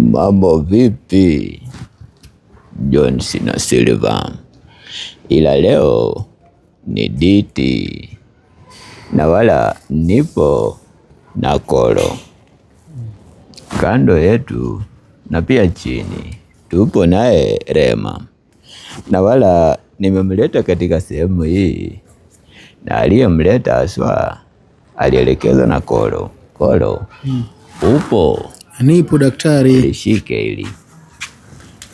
Mambo vipi, John Cena Silver, ila leo ni Diti na wala nipo na Kolo kando yetu, na pia chini tupo naye Rema, na wala nimemleta katika sehemu hii, na aliyemleta aswa alielekezwa na Kolo. Kolo, hmm. upo Nipo daktari. Shike hili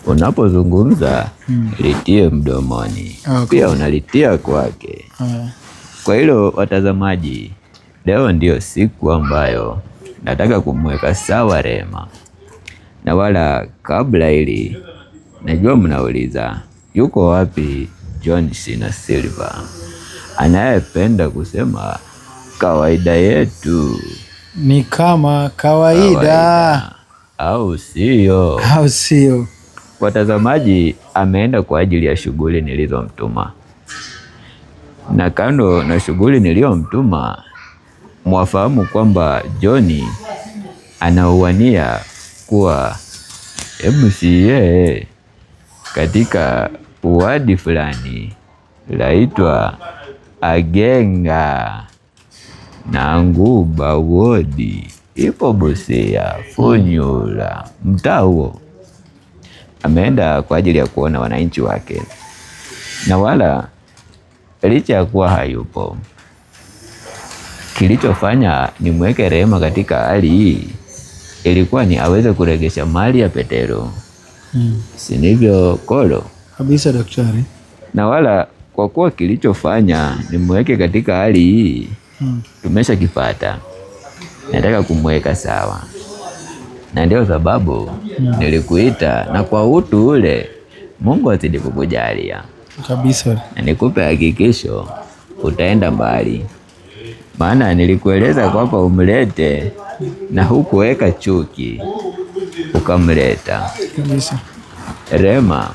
unapozungumza, hmm. litie mdomoni. Ah, okay. Pia unalitia kwake. hmm. Kwa hilo watazamaji, leo ndiyo siku ambayo nataka kumweka sawa Rema, na wala kabla hili, najua mnauliza yuko wapi John Cena silve anayependa kusema kawaida yetu ni kama kawaida, kawaida. Au sio? Au sio? Watazamaji, ameenda kwa ajili ya shughuli nilizomtuma, na kando na shughuli niliyomtuma, mwafahamu kwamba John anauania kuwa MCA katika wadi fulani laitwa Agenga na Nguba wodi ipo Busia Funyula Mtao. Ameenda kwa ajili ya kuona wananchi wake, na wala licha ya kuwa hayupo, kilichofanya nimweke Rehema katika hali hii ilikuwa ni aweze kuregesha mali ya Petero. Hmm. Sinivyo Kolo kabisa daktari, na wala kwa kuwa kilichofanya nimweke katika hali hii hmm. Tumesha kipata, nataka kumweka sawa, na ndio sababu hmm. nilikuita na kwa utu ule, Mungu azidi kukujalia kabisa, na nikupe hakikisho utaenda mbali, maana nilikueleza kwamba umlete na hukuweka chuki, ukamleta kabisa. Rema,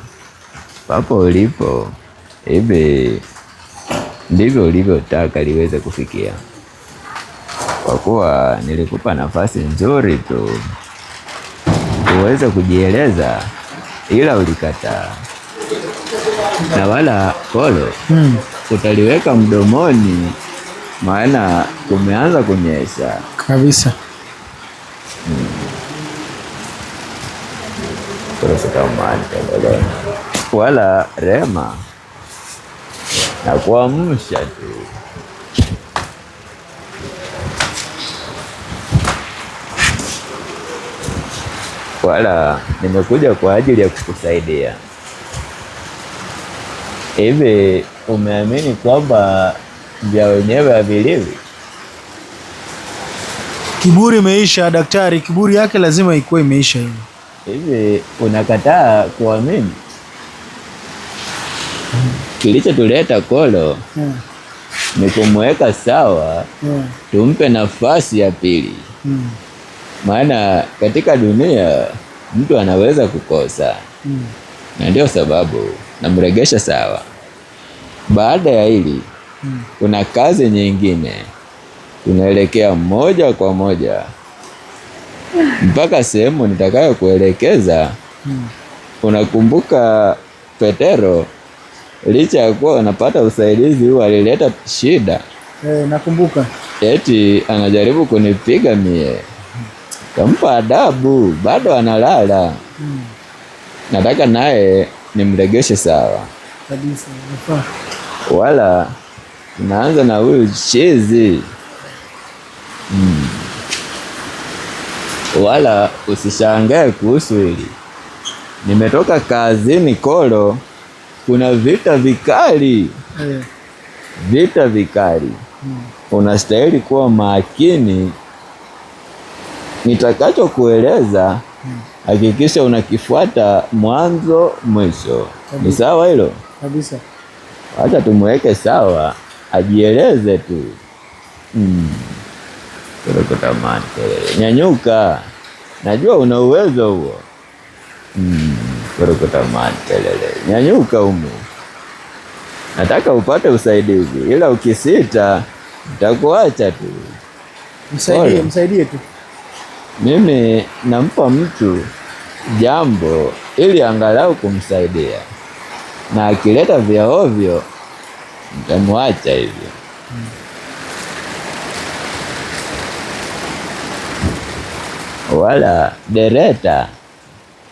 papo ulipo hivi ndivyo ulivyotaka liweze kufikia, kwa kuwa nilikupa nafasi nzuri tu uweze kujieleza, ila ulikataa. Na wala kolo hmm, utaliweka mdomoni, maana kumeanza kunyesha kabisa. Hmm. Wala Rema na kuamsha tu. Wala nimekuja kwa ajili ya kukusaidia. Hivi umeamini kwamba vya wenyewe haviliwi? Kiburi imeisha daktari, kiburi yake lazima ikuwa imeisha. Hivi hivi unakataa kuamini? kilichotuleta Kolo yeah. ni kumweka sawa yeah. tumpe nafasi ya pili mm. maana katika dunia mtu anaweza kukosa mm. na ndio sababu namregesha sawa. Baada ya hili mm. kuna kazi nyingine tunaelekea moja kwa moja mpaka sehemu nitakayokuelekeza mm. Unakumbuka Petero licha ya kuwa wanapata usaidizi huu, alileta shida e, nakumbuka eti anajaribu kunipiga mie, kampa adabu, bado analala Hmm. Nataka naye nimregeshe sawa kabisa, wala naanza na huyu chizi Hmm. Wala usishangae kuhusu hili, nimetoka kazini kolo kuna vita vikali yeah. Vita vikali mm. Unastahili kuwa makini, nitakachokueleza hmm. hakikisha mm. unakifuata mwanzo mwisho. Ni sawa hilo kabisa? hata tumweke sawa, ajieleze tu mm. kelele, nyanyuka, najua una uwezo huo mm korokota matelele, nyanyuka humu, nataka upate usaidizi, ila ukisita nitakuacha tu. Msaidie, msaidie tu. Mimi nampa mtu jambo ili angalau kumsaidia, na akileta vya ovyo nitamwacha hivyo. Wala dereta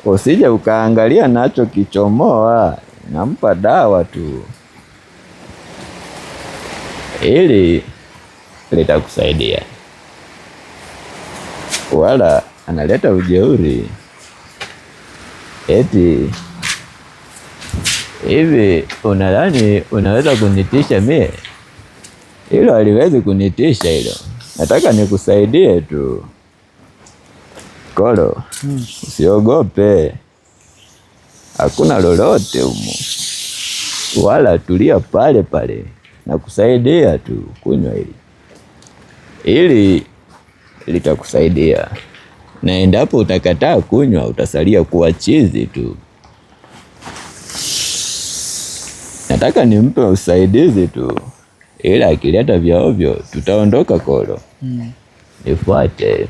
usije ukaangalia nacho kichomoa, nampa dawa tu, ili litakusaidia, wala analeta ujeuri eti hivi unadhani unaweza kunitisha mie? Hilo haliwezi kunitisha hilo, nataka nikusaidie tu. Kolo, Usiogope, hakuna lolote humo, wala tulia pale pale na kusaidia tu kunywa hili ili litakusaidia, na endapo utakataa kunywa utasalia kuwa chizi tu. Nataka nimpe usaidizi tu, ila akileta vya ovyo tutaondoka Kolo. Hmm. Nifuate.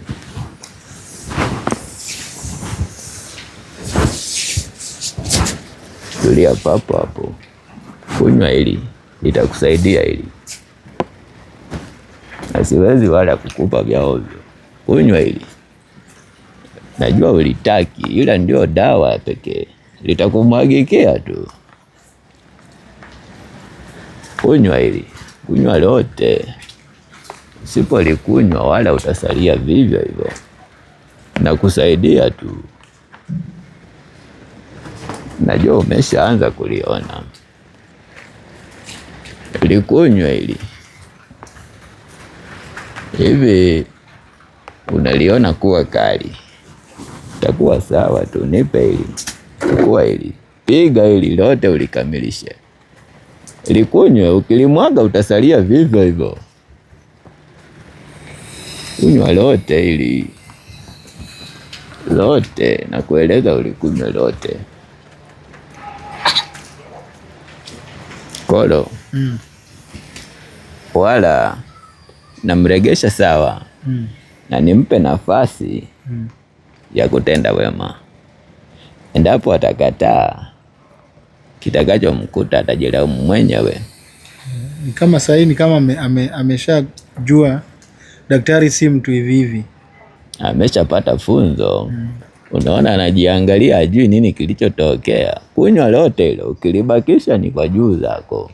tulia papo hapo, kunywa ili litakusaidia ili, na siwezi wala kukupa vya ovyo. Kunywa ili, najua ulitaki, ila ndio dawa ya pekee, litakumwagikia tu. Kunywa ili, kunywa lote. Usipolikunywa wala utasalia vivyo hivyo, na kusaidia tu najua umeshaanza kuliona, likunywa hili hivi, unaliona kuwa kali? Takuwa sawa tu, nipe hili, chukua hili, piga hili lote ulikamilishe, likunywe. Ukilimwaga utasalia vivyo hivyo. Kunywa lote hili, lote, nakueleza, ulikunywa lote. kolo mm. wala namregesha sawa mm. na nimpe nafasi mm. ya kutenda wema. Endapo atakataa, kitakachomkuta atajilaumu mwenyewe. Kama sahii ni kama ameshajua daktari si mtu hivi hivi, ameshapata funzo mm. Unaona, anajiangalia ajui nini kilichotokea. Kunywa lote ile, ukilibakisha ni kwa juu zako.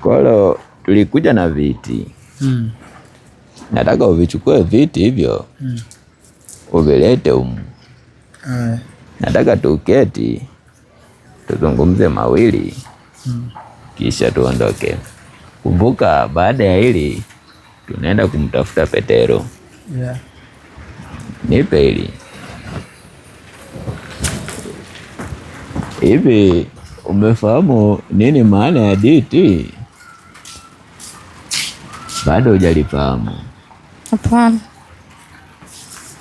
kolo tulikuja na viti mm. nataka uvichukue viti hivyo mm. uvilete umu Aye. nataka tuketi tuzungumze mawili mm. kisha tuondoke. Kumbuka, baada ya hili tunaenda kumtafuta Petero yeah nipe hili hivi. Umefahamu nini maana ya DT? Bado hujalifahamu? Hapana.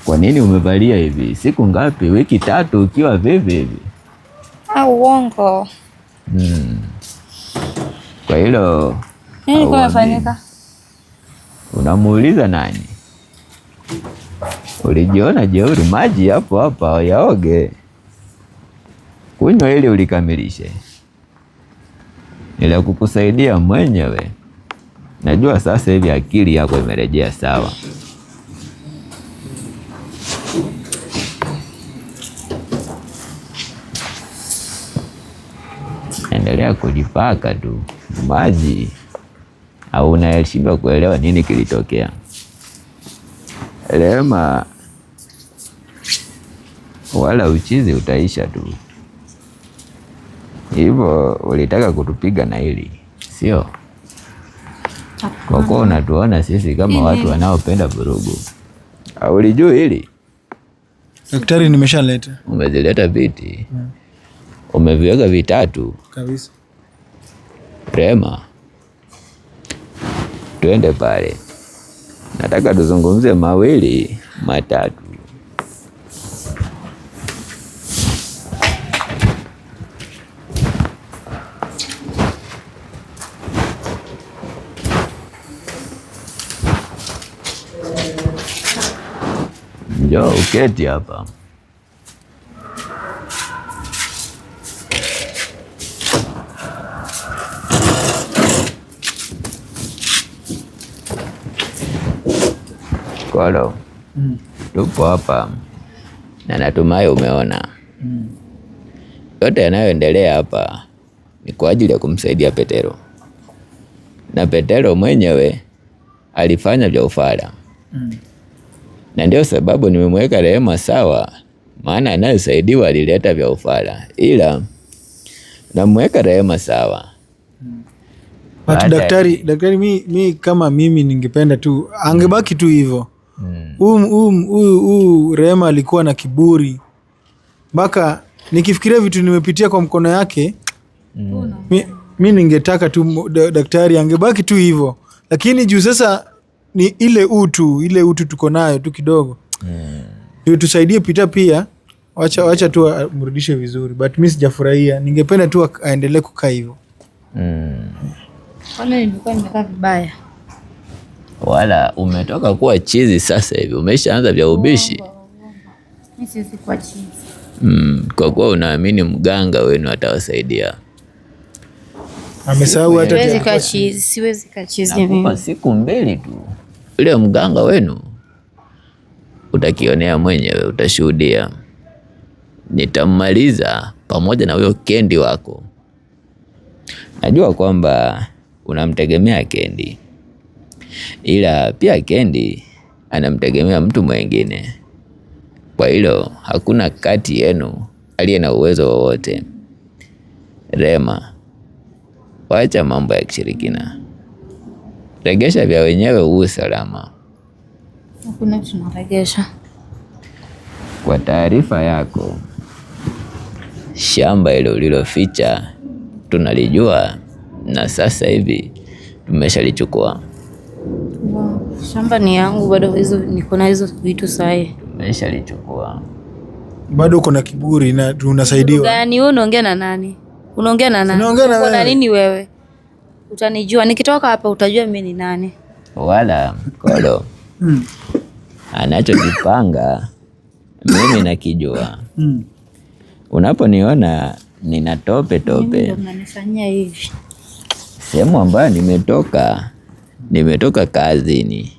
Kwa nini umevalia hivi? Siku ngapi? Wiki tatu ukiwa vivi hivi? Au ah, uongo? Hmm. Kwa hilo nini kumefanyika? Unamuuliza nani? Ulijiona jeuri, maji hapo hapa yaoge, kunywa ili ulikamilishe. kukusaidia mwenyewe, najua sasa hivi akili yako imerejea sawa. Endelea kujipaka tu maji, au unashindwa kuelewa nini kilitokea? Lema wala uchizi utaisha tu. Hivyo ulitaka kutupiga na hili sio? Kwa kuwa unatuona sisi kama watu wanaopenda vurugu. aulijuu hili daktari? Nimeshaleta. Umezileta viti, hmm. umeviweka vitatu kabisa. Rema, twende pale, nataka tuzungumze mawili matatu. Njoo uketi hapa. Kolo, mm. Tupo hapa na natumai umeona mm. Yote yanayoendelea hapa ni kwa ajili ya kumsaidia Petero, na Petero mwenyewe alifanya vya ufala mm na ndio sababu nimemweka Rehema sawa, maana anayesaidiwa alileta vya ufala, ila namweka Rehema sawa. Watu daktari, daktari mi, mi kama mimi ningependa tu angebaki tu hivyo huyu mm. um, Rehema alikuwa na kiburi mpaka nikifikiria vitu nimepitia kwa mkono yake mm. mi, mi ningetaka tu daktari angebaki tu hivyo, lakini juu sasa ni ile utu ile utu tuko nayo tu kidogo yeah. Tusaidie pita pia, wacha wacha tu amrudishe vizuri, but mi sijafurahia, ningependa tu aendelee kukaa hivyo mm. Wala umetoka kuwa chizi sasa hivi umeshaanza vya ubishi mm, kwa kuwa unaamini mganga wenu atawasaidia. Amesahau hata siku mbili tu yule mganga wenu utakionea mwenyewe, utashuhudia. Nitammaliza pamoja na huyo Kendi wako. Najua kwamba unamtegemea Kendi, ila pia Kendi anamtegemea mtu mwingine. Kwa hilo hakuna kati yenu aliye na uwezo wowote. Rema, wacha mambo ya kishirikina regesha vya wenyewe uwe salama. Hakuna tunaregesha. Kwa taarifa yako, shamba hilo uliloficha tunalijua na sasa hivi tumeshalichukua. Wow, shamba ni yangu bado, hizo niko na hizo vitu sahi, tumeshalichukua. Bado uko na kiburi na tunasaidiwa. gani? wewe unaongea na nani? Unaongea na nani? Unaongea na nini wewe? utanijua nikitoka hapa, utajua mimi ni nani. Wala Kolo hmm. anachokipanga mimi nakijua. Hmm. Unaponiona nina tope tope, hivi sehemu ambayo nimetoka, nimetoka kazini.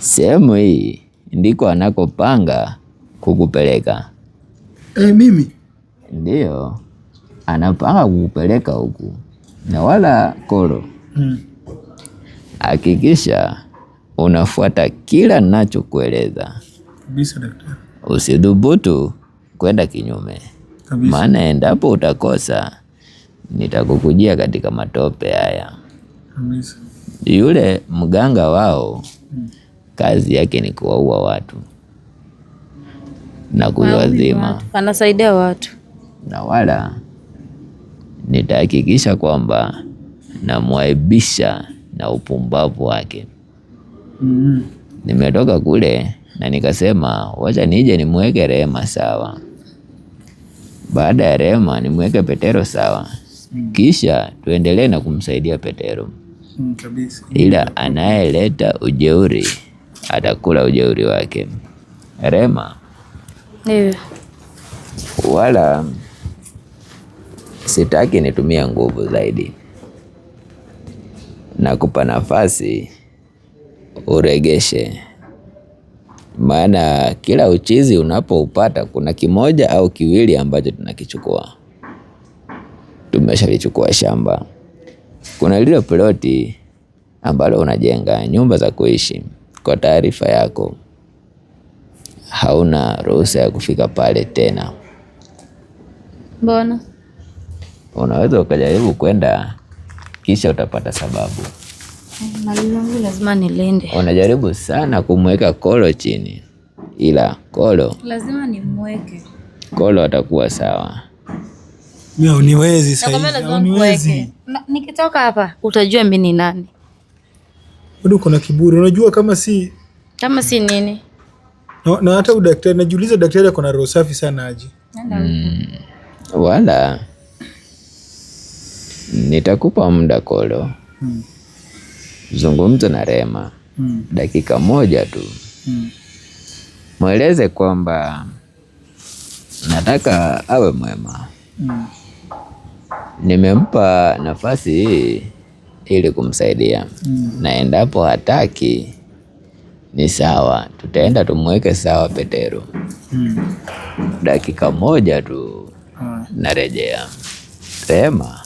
Sehemu hii ndiko anakopanga kukupeleka. E, mimi ndiyo anapanga kukupeleka huku na wala koro hmm. hakikisha mm. unafuata kila nacho kabisa daktari. Usidhubutu kwenda kinyume, maana endapo utakosa nitakukujia katika matope haya kabisa. Yule mganga wao mm. kazi yake ni kuwaua watu na kuwazima, anasaidia watu na wala nitahakikisha kwamba namwaibisha na upumbavu wake. mm. Nimetoka kule na nikasema wacha nije nimweke Rehema sawa, baada ya Rehema nimweke Petero sawa. mm. Kisha tuendelee na kumsaidia Petero. mm, Ila anayeleta ujeuri atakula ujeuri wake Rehema, wala sitaki nitumie nguvu zaidi, nakupa nafasi uregeshe, maana kila uchizi unapoupata kuna kimoja au kiwili ambacho tunakichukua. Tumeshalichukua shamba, kuna lile ploti ambalo unajenga nyumba za kuishi. Kwa taarifa yako, hauna ruhusa ya kufika pale tena. Mbona? unaweza ukajaribu kwenda, kisha utapata sababu. lazima nilinde. Unajaribu sana kumweka Kolo chini, ila Kolo lazima nimweke. Kolo atakuwa sawa. Uniwezi sasa, uniwezi. Nikitoka hapa utajua mimi ni nani. Bado uko na kiburi, unajua kama si kama si nini na, na hata udaktari najiuliza, daktari ako na roho safi sana aje? Mm, wala Nitakupa muda Kolo, hmm. Zungumza na Rema hmm. dakika moja tu hmm. Mweleze kwamba nataka awe mwema hmm. Nimempa nafasi hii ili kumsaidia hmm. Na endapo hataki ni sawa, tutaenda tumweke sawa Petero hmm. Dakika moja tu hmm. Narejea Rema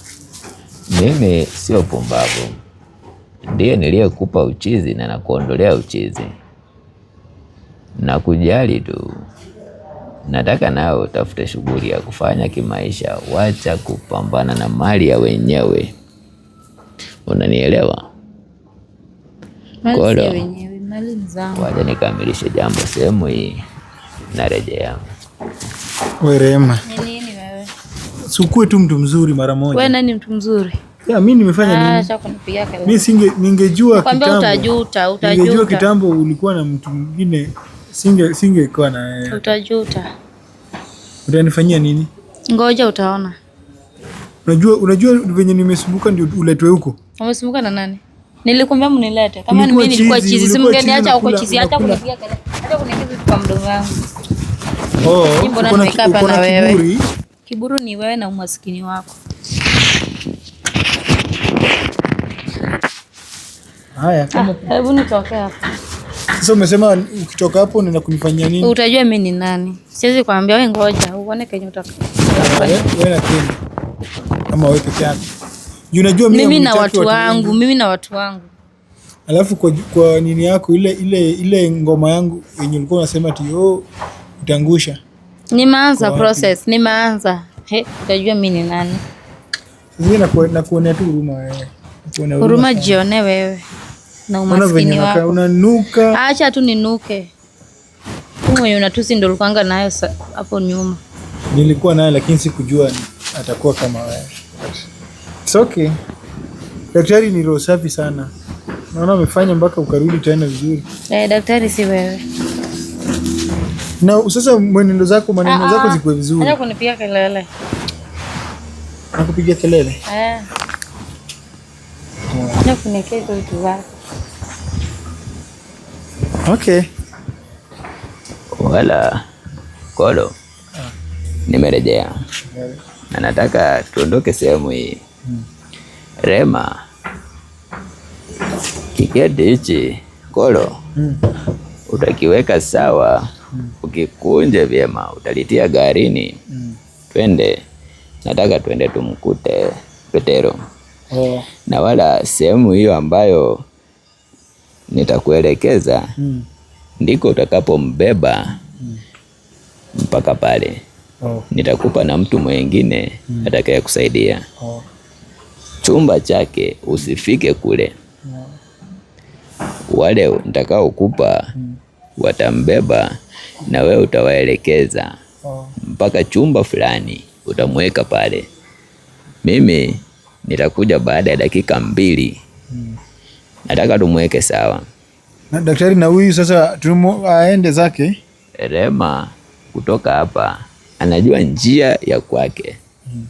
mimi sio pumbavu, ndiyo niliyekupa uchizi na nakuondolea uchizi na kujali tu. Nataka nao utafute shughuli ya kufanya kimaisha, wacha kupambana na mali ya wenyewe, unanielewa? Kolo, wacha nikamilishe jambo sehemu hii, narejea. Wewe Rehema Sikuwe tu mtu mzuri mara moja. Wewe nani mtu mzuri? Ya, mimi nimefanya ah, nini? Acha kelele. Mimi singe ningejua kitambo. Utajuta, utajuta. Ningejua kitambo ulikuwa na mtu mwingine singe singekuwa na yeye. Utajuta. Utanifanyia nini? Ngoja utaona. Unajua unajua venye nimesumbuka ndio uletwe huko. Umesumbuka na nani? Nilikwambia mnilete. Kama mimi nilikuwa chizi, si mngeniacha huko chizi hata kunipiga kelele. Hata kunikiza kwa mdomo wangu. Oh, kuna kiburi kiburu ni wewe na umaskini wako. Haya, ah, kama hebu nitoke hapa. Sasa umesema ukitoka hapo nenda kunifanyia nini? Utajua mimi ni nani. Siwezi kuambia wewe, ngoja uone kenye utaka. Ah, wewe na kini. Kama wewe peke yako. Unajua mimi na watu wangu, mimi na watu wangu. Alafu kwa, kwa nini yako ile ile ile ngoma yangu yenye ulikuwa unasema ti oh utangusha. Nimeanza process, nimeanza. He, utajua mimi ni nani? Nakuonea tu huruma wewe. Huruma jione wewe na umaskini wako. Unanuka. Acha tu ninuke. Mwenye unatusi ndio ulikuanga nayo hapo nyuma. Nilikuwa naye lakini sikujua atakuwa kama wewe. It's okay. Daktari ni roho safi sana. Naona amefanya mpaka ukarudi tena vizuri. Eh, daktari si wewe. Na sasa mwenendo zako maneno ah, zako ah. zikuwe vizuri. Hata kunipiga kelele. Nakupiga kelele? Eh. Ah. zako. Okay. Wala kolo. Nimerejea. Na nataka tuondoke sehemu hii. Hmm. Rema. Kiketi hichi kolo. Hmm. Utakiweka sawa mm. ukikunje vyema utalitia garini mm. twende, nataka twende tumkute Petero yeah. Oh. na wala sehemu hiyo ambayo nitakuelekeza mm. ndiko utakapombeba mm. mpaka pale oh. nitakupa na mtu mwingine mm. atakaye kusaidia oh. chumba chake usifike kule yeah. Oh. wale nitakaokupa mm watambeba na wewe utawaelekeza oh. mpaka chumba fulani, utamweka pale. Mimi nitakuja baada ya dakika mbili. Hmm. Nataka tumweke sawa na daktari na huyu sasa tumu, aende zake. Rema kutoka hapa anajua njia ya kwake. Hmm.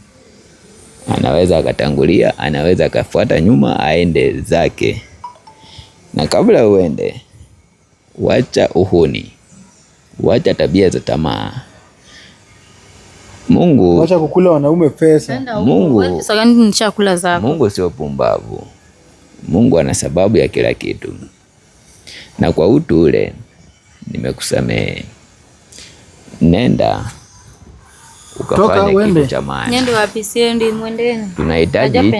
Anaweza akatangulia, anaweza akafuata nyuma aende zake, na kabla uende wacha uhuni, wacha tabia za tamaa. Mungu wacha kukula wanaume pesa. Mungu Mungu sio pumbavu. Mungu ana sababu ya kila kitu, na kwa utu ule nimekusamehe. Nenda ukafanya kitu cha maana. Tunahitaji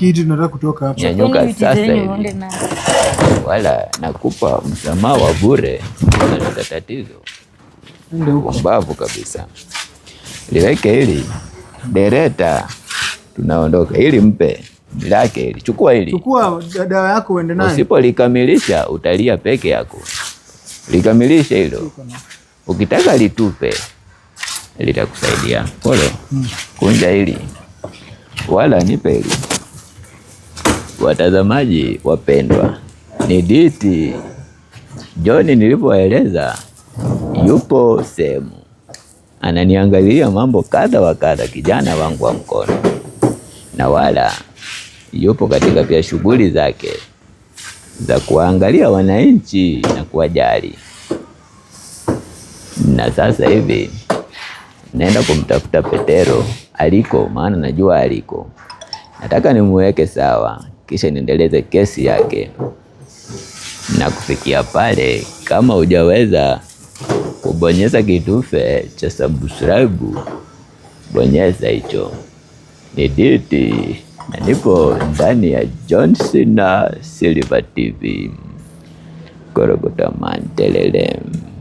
kitu, tunataka kutoka hapa. Nyanyuka sasa hivi, wala nakupa msamaha wa bure, unaleta tatizo mbavu kabisa. Liweke hili dereta, tunaondoka ili mpe lake ili chukua hili, chukua dawa yako uende naye. Usipolikamilisha utalia peke yako, likamilisha hilo, ukitaka litupe litakusaidia. Pole, kunja hili wala nipe hili. Watazamaji wapendwa, ni Diti John nilivyoeleza, yupo sehemu ananiangalia mambo kadha wa kadha, kijana wangu wa mkono, na wala yupo katika pia shughuli zake za kuwaangalia wananchi na kuwajali, na sasa hivi naenda kumtafuta Petero aliko, maana najua aliko. Nataka nimuweke sawa, kisha niendeleze kesi yake. Na kufikia pale, kama hujaweza kubonyeza kitufe cha subscribe, bonyeza hicho. Ni Diti na nipo ndani ya John Cena Silver TV. korogota mantelele.